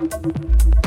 Thank you.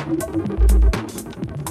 フフフフ。